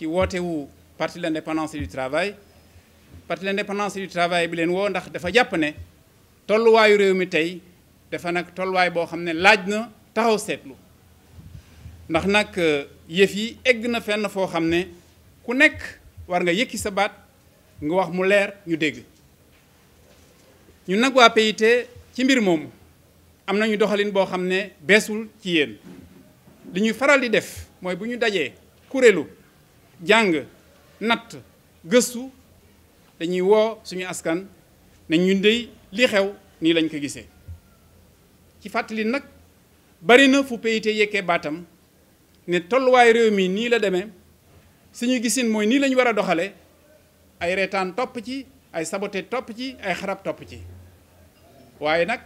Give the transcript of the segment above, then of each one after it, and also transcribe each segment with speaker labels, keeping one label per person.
Speaker 1: ci woote wu parti de l'indépendance et du travail parti de l'indépendance du travail bi leen woo ndax dafa jàpp ne tolluwaayu réew mi tey dafa nag tolluwaay boo xam ne laaj na taxaw seetlu ndax nag euh, yëf yi egg na fenn foo xam ne ku nekk war nga yëkki sa baat nga wax mu leer ñu dégg ñu nag waa PIT ci mbir moomu am nañu doxalin boo xam ne beesul ci yéen li ñuy faral di def mooy bu ñu dajee kuréelu jàng natt gëstu dañuy woo suñu askan ne ñun dey li xew nii lañ ko gisee ci fàttali nag bari na fu PIT yekkee baatam ne tolluwaay réew mi nii la demee suñu gisin mooy nii lañ war a doxale ay reetaan topp ci ay saboté topp ci ay xarab topp ci waaye nag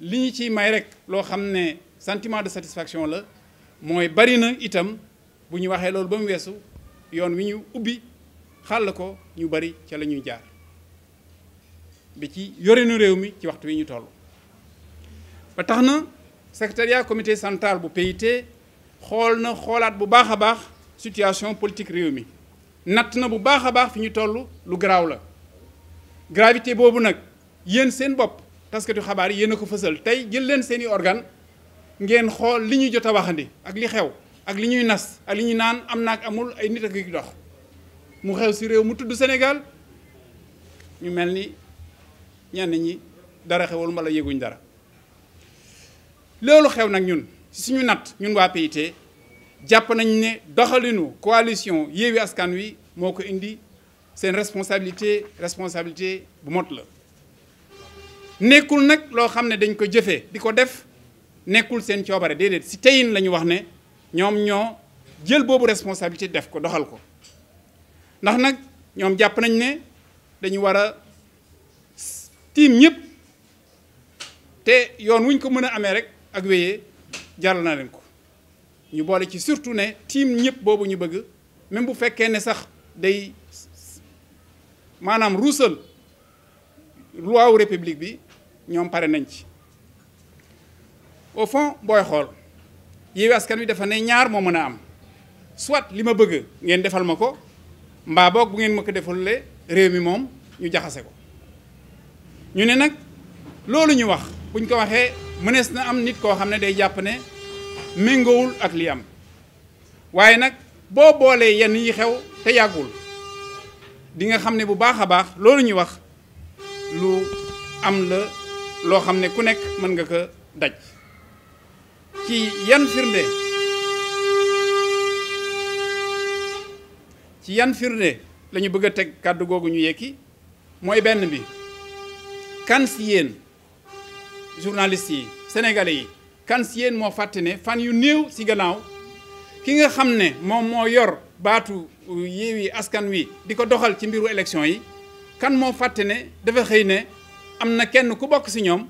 Speaker 1: li ñu ciy may rek loo xam ne sentiment de satisfaction la mooy bari na itam bu ñu waxee loolu ba mu weesu yoon wi ñu ubbi xàll ko ñu bari ca la ñuy jaar bi ci yorinu réew mi ci waxtu wi ñu toll ba tax na secrétariat commité central bu PIT xool na xoolaat bu baax a baax situation politique réew mi natt na bu baax a baax fi ñu toll lu garaaw la gravité boobu nag yéen seen bopp taskatu xabaar yi yéen a ko fësal tey jël leen seeni organ ngeen xool li ñu jot a waxandi ak li xew ak li ñuy nas ak li ñuy naan am naak amul ay nit ak yu dox mu xew si réew mu tudd Sénégal ñu mel ni ñenn ñi dara xewul mbala yéeguñ dara loolu xew nag ñun si suñu natt ñun waa PIT jàpp nañ ne doxalinu coalition Yewwi Askan Wi moo ko indi seen responsabilité responsabilité bu mot la nekkul nag loo xam ne dañ ko jëfe di ko def nekkul seen coobare déedéet si teyin la wax ne ñoom ñoo jël boobu responsabilité def ko doxal ko ndax nag ñoom jàpp nañ ne dañu war a tiim ñëpp te yoon wuñ ko mën a amee rek ak wéyee jaral na leen ko ñu boole ci surtout ne tiim ñëpp boobu ñu bëgg même bu fekkee ne sax day maanaam ruusal loi wu république bi ñoom pare nañ ci au fond booy xool Yewwi Askan Wi dafa ne ñaar moo mën a am soit li ma bëgg ngeen defal ma ko mbaa boog bu ngeen ma ko defalee réew mi moom ñu jaxase ko ñu ne nag loolu ñu wax buñ ko waxee mënees na am nit koo xam ne day jàpp ne méngoowul ak li am waaye nag boo boolee yenn yi xew te yàggul di nga xam ne bu baax a baax loolu ñu wax lu am la loo xam ne ku nekk mën nga ko daj ci yan firnde ci yan firnde la bëgg a teg kàddu googu ñu yekki mooy benn bi kan si journaliste yi sénégalais yi kan si moo fàtte fan yu néew ci gannaaw ki nga xam ne moom moo yor baatu Yewwi Askan Wi di ko doxal ci mbiru élection yi kan moo fàtte ne dafa xëy ne am na kenn ku bokk si ñoom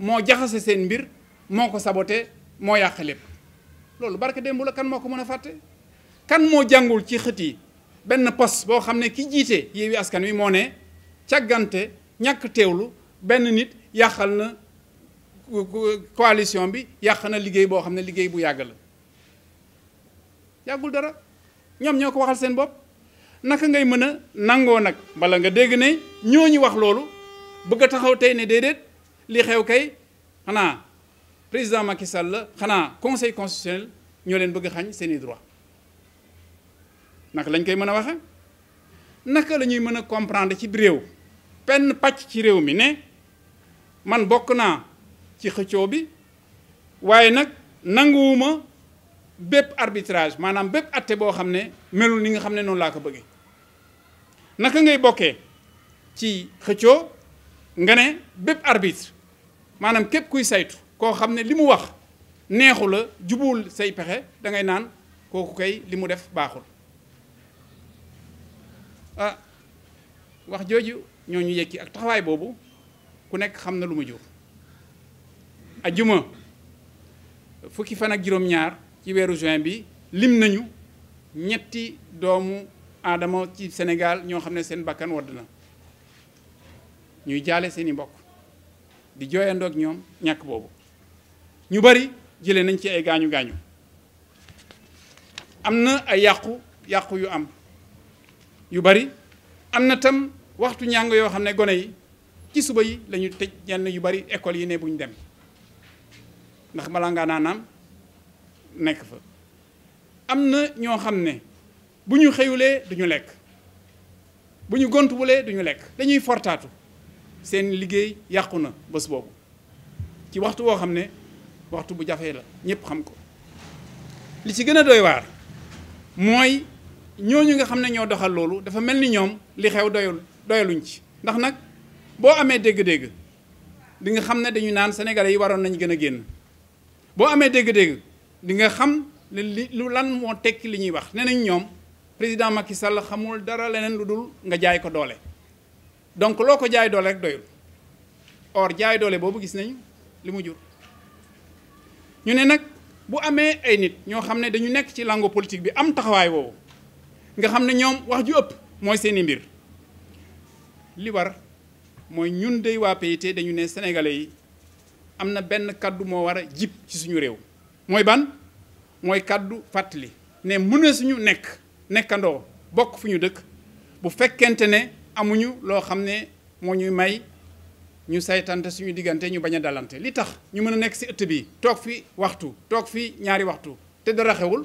Speaker 1: moo jaxase seen mbir moo ko sabote moo yàq lépp loolu barke démb la kan moo ko mën a fàtte kan moo jàngul ci xët yi benn poste boo xam ne ki jiite Yewwi Askan Wi moo ne càggante ñàkk teewlu benn nit yàqal na coalition bi yàq na liggéey boo xam ne liggéey bu yàgg la yàggul dara ñoom ñoo ko waxal seen bopp naka ngay mën a nangoo nag bala nga dégg ne ñooñu wax loolu bëgg a taxaw tey ne déedéet li xew kay xanaa président Macky Sall la xanaa conseil constitutionnel ñoo leen bëgg a xañ seen i droit naka lañ koy mën a waxe naka lañuy mën a comprendre ci réew penn pàcc ci réew mi ne man bokk naa ci xëcco bi waaye nag nanguwuma bépp arbitrage maanaam bépp atte boo xam ne melul ni nga xam ne noonu laa ko bëggee naka ngay bokkee ci xëccoo nga ne bépp arbitre maanaam képp kuy saytu koo xam ne li mu wax neexu la jubuwul say pexe dangay naan kooku kay li mu def baaxul ah wax jooju ñoo ñu yekki ak taxawaay boobu ku nekk xam na lu mu jur ajuma fukki fan ak juróom-ñaar ci weeru juin bi lim nañu ñetti doomu aadama ci Sénégal ñoo xam ne seen bakkan wadd na ñuy jaale seeni mbokk di jooyandoog ñoom ñàkk boobu ñu bari jëlee nañ ci ay gaañu gaañu am na ay yàqu yàqu yu am yu bari am na tam waxtu njàng yoo xam ne gone yi ci suba yi lañu tëj yenn yu bari école yi ne buñ dem ndax balaa ngaa naanaam nekk fa am na ñoo xam ne bu ñu xëyulee duñu lekk bu ñu gont gontuwulee duñu lekk dañuy fortaatu seen liggéey yàqu na bés boobu ci waxtu woo xam ne waxtu bu jafee la ñëpp xam ko li ci gën a doy waar mooy ñooñu nga xam ne ñoo doxal loolu dafa mel ni ñoom li xew doyul doyaluñ ci ndax nag boo amee dégg-dégg di nga xam ne dañu naan sénégalais yi waroon nañu gën a génn boo amee dégg-dégg nga xam ne li lu lan moo tekki li ñuy wax nee nañ ñoom président Macky Sall xamul dara leneen lu dul nga jaay ko doole donc loo ko jaay doole rek doyul or jaay doole boobu gis nañu li mu jur ñu ne nag bu amee ay nit ñoo xam ne dañu nekk ci langue politique bi am taxawaay woowu nga xam ne ñoom wax ju ëpp mooy seeni mbir li war mooy ñun dey waa PIT dañu ne sénégalais yi am na benn kàddu moo war a jib ci suñu réew mooy ban mooy kaddu fàttali ne mën na suñu nekk nekkandoo bokk fu ñu dëkk bu fekkente ne amuñu loo xam ne moo ñuy may ñu saytante suñu diggante ñu bañ a dalante li tax ñu mën a nekk si ëtt bi toog fi waxtu toog fi ñaari waxtu te dara xewul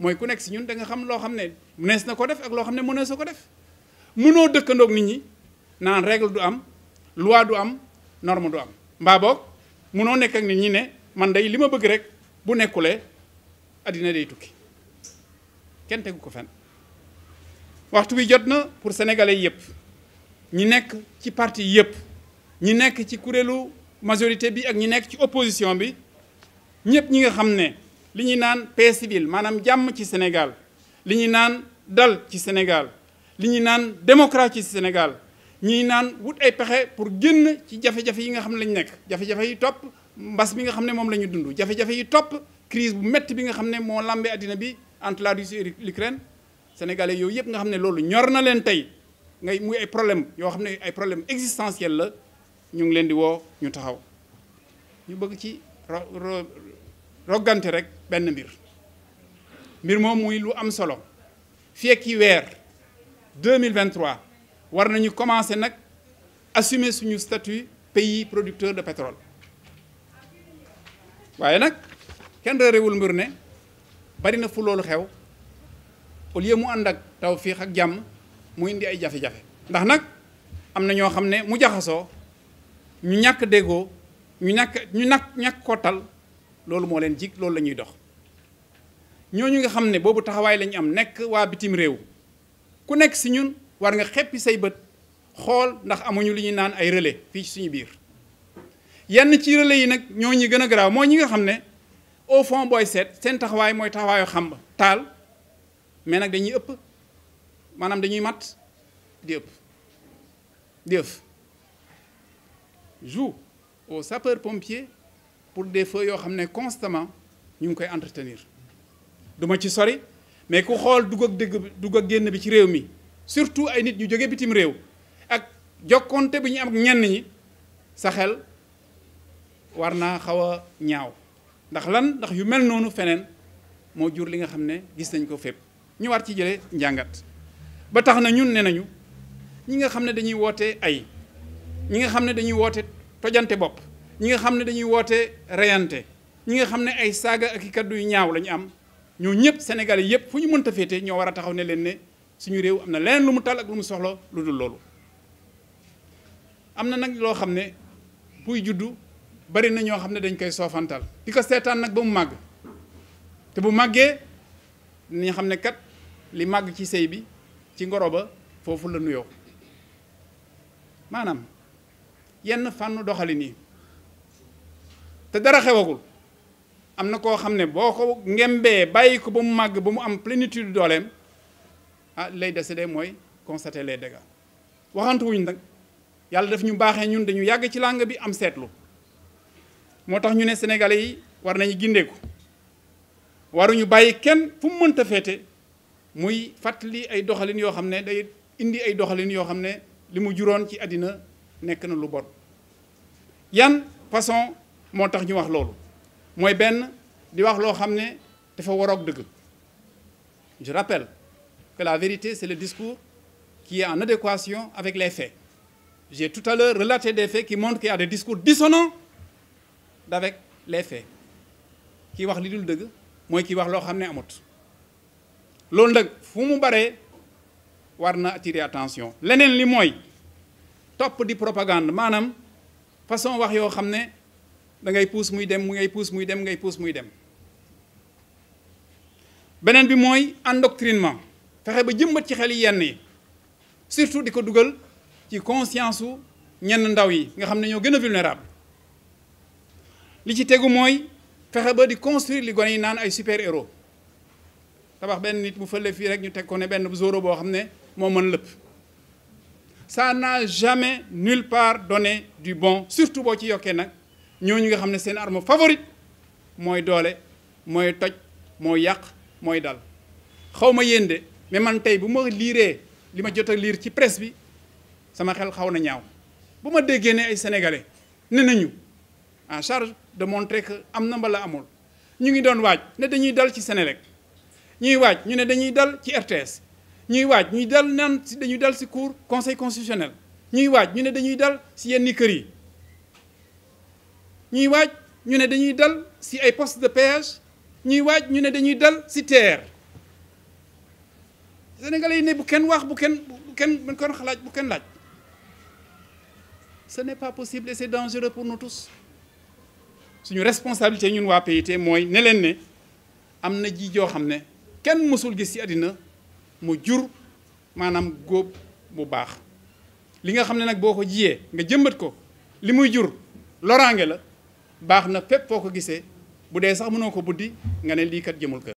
Speaker 1: mooy ku nekk si ñun da xam loo xam ne nees na ko def ak loo xam ne mënees na ko def mënoo dëkkandoog nit ñi naan règle du am loi du am norme du am mbaa mënoo nekk ak nit ñi ne man day li ma bëgg rek bu nekkulee addina day tukki kenn tegu ko fen waxtu bi jot na pour sénégalais yëpp ñi nekk ci partie yëpp ñi nekk ci kuréelu majorité bi ak ñi nekk ci opposition bi ñëpp ñi nga xam ne li ñuy naan paix civile maanaam jàmm ci Sénégal li ñuy naan dal ci Sénégal li ñuy naan démocratie ci Sénégal ñuy naan wut ay pexe pour génn ci jafe-jafe yi nga xam ne lañ nekk jafe-jafe yi topp mbas bi nga xam ne moom la ñu dund jafe-jafe yi topp crise bu métti bi nga xam ne moo lambee àddina bi entre la Russie et l'Ukraine sénégalais yooyu yëpp nga xam ne loolu ñor na leen tey ngay muy ay yoo xam ne ay problème existentiel la ñu ngi leen di woo ñu taxaw ñu bëgg ci rogante rek benn mbir mbir moom muy lu am solo fekki weer 2023 war nañu commencer nag assumer suñu statut pays producteur de pétrole waaye nag kenn réerewul mbir ne bari na fu loolu xew au lieu mu ànd ak taw fii ak jàmm mu indi ay jafe-jafe ndax nag am na ñoo xam ne mu jaxasoo ñu ñàkk déggoo ñu ñàkk ñu ñàkk ñàkk kottal loolu moo leen jig loolu la ñuy dox ñooñu nga xam ne boobu taxawaay lañu am nekk waa bitim réew ku nekk si ñun war nga xeppi say bët xool ndax amuñu lu ñuy naan ay relais fii suñu biir yenn ci relais yi nag ñoo ñu gën a garaaw mooy ñi nga xam ne au fond booy seet seen taxawaay mooy taxawaayu xam taal mais nag dañuy ëpp maanaam dañuy mat di ëpp di ëpp joue aux sapeurs-pompiers pour des feux yoo xam ne constamment ñu ngi koy entretenir du ma ci sori mais ku xool dugg ak dëgg dugg ak génn bi ci réew mi surtout ay nit ñu jóge bitim réew ak jokkonte bi ñu am ak ñenn ñi sa xel war naa xaw a ñaaw ndax lan ndax yu mel noonu feneen moo jur li nga xam ne gis nañ ko fépp ñu war ci jële njàngat ba tax na ñun ne nañu ñi nga xam ne dañuy woote ay ñi nga xam ne dañuy woote tojante bopp ñi nga xam ne dañuy woote reyante ñi nga xam ne ay saaga ak i kaddu yu ñaaw la ñu am ñoo ñëpp Sénégalais yëpp fu ñu mënta féete ñoo war a taxaw ne leen ne suñu réew am na leneen lu mu tal ak lu mu soxla lu dul loolu. am na nag loo xam ne buy juddu bari na ñoo xam ne dañ koy soofantal di ko seetaan nag ba mu màgg te bu màggee nañu xam ne kat li màgg ci sëy bi ci ngoro ba foofu la nuyoo maanaam. yenn fànn doxalin yi te dara xewagul am na koo xam ne boo ko ngembee bàyyi ko ba mu màgg ba mu am plénitude dooleem ah lay décédé mooy constater les dégâts waxantuwuñ nag yàlla daf ñu baaxee ñun dañu yàgg ci làng bi am seetlu moo tax ñu ne sénégalais yi war nañu gindeeku waruñu bàyyi kenn fu mu mënta feete muy fàttali ay doxalin yoo xam ne day indi ay doxalin yoo xam ne li mu juróon ci àddina nekk na lu bon yan façon moo tax ñu wax loolu mooy benn di wax loo xam ne dafa waroog dëgg je rappelle que la vérité c'est le discours qui est en adéquation avec les faits j'ai tout à l'heure relaté des faits qui montrent qu'il y a des discours dissonants d'avec les faits kii wax li dul dëgg mooy kii wax loo xam ne amut loolu nag fu mu baree war na attirer attention leneen li mooy topp di propagande maanaam façon wax yoo xam ne da ngay puus muy dem mu ngay puus muy dem ngay puus muy dem beneen bi mooy endoctrinement fexe ba jëmbat ci xel yi yenn yi surtout di ko dugal ci conscience su ñenn ndaw yi nga xam ne ñoo gën a vulnérable li ci tegu mooy fexe ba di construire li gone yi naan ay super héros tabax benn nit bu fële fii rek ñu teg ko ne benn zoro boo xam ne moo mën lépp ça n'a jamais nulle part donné du bon surtout boo ci yokkee nag ñoo ñooñu nga xam ne seen arme favorite mooy doole mooy toj mooy yàq mooy dal xaw ma yéen de mais man tey bu ma liiree li ma jota liir ci presse bi sama xel xaw na ñaaw bu ma déggee ne ay sénégalais ne nañu en charge de montrer que am na mbala amul ñu ngi doon waaj ne dañuy dal ci Sénélec ñuy waaj ñu ne dañuy dal ci RTS ñuy waaj ñuy dal naan si dañuy dal si cour conseil constitutionnel ñuy waaj ñu ne dañuy dal si yenn kër yi ñuy waaj ñu ne dañuy dal si ay poste de péage ñuy waaj ñu ne dañuy dal si terre sénégalais yi ne bu kenn waax bu kenn bu kenn bu kenn xalaaj bu kenn laaj ce n'est pas possible et c'est dangereux pour nous suñu responsabilité ñun waa PIT mooy ne leen ne am na ji joo xam ne kenn mësul gis ci àddina mu jur maanaam góob bu baax li nga xam ne nag boo ko jiyee nga jëmbat ko li muy jur loraange la baax na fépp foo ko gisee bu dee sax mënoo ko buddi nga ne lii kat jëmul kër